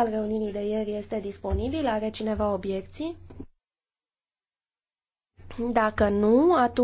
al reuniunii de ieri este disponibil? Are cineva obiecții? Dacă nu, atunci...